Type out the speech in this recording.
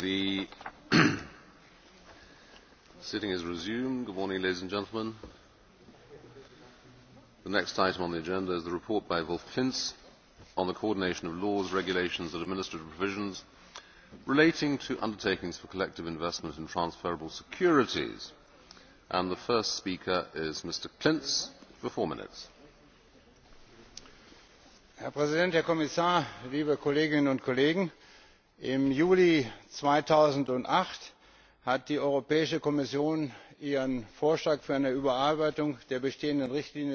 The sitting is resumed. Good morning, ladies and gentlemen. The next item on the agenda is the report by Wolf Pintz on the coordination of laws, regulations and administrative provisions relating to undertakings for collective investment in transferable securities. Herr Präsident, Herr Kommissar, liebe Kolleginnen und Kollegen! Im Juli zweitausendacht hat die Europäische Kommission ihren Vorschlag für eine Überarbeitung der bestehenden Richtlinie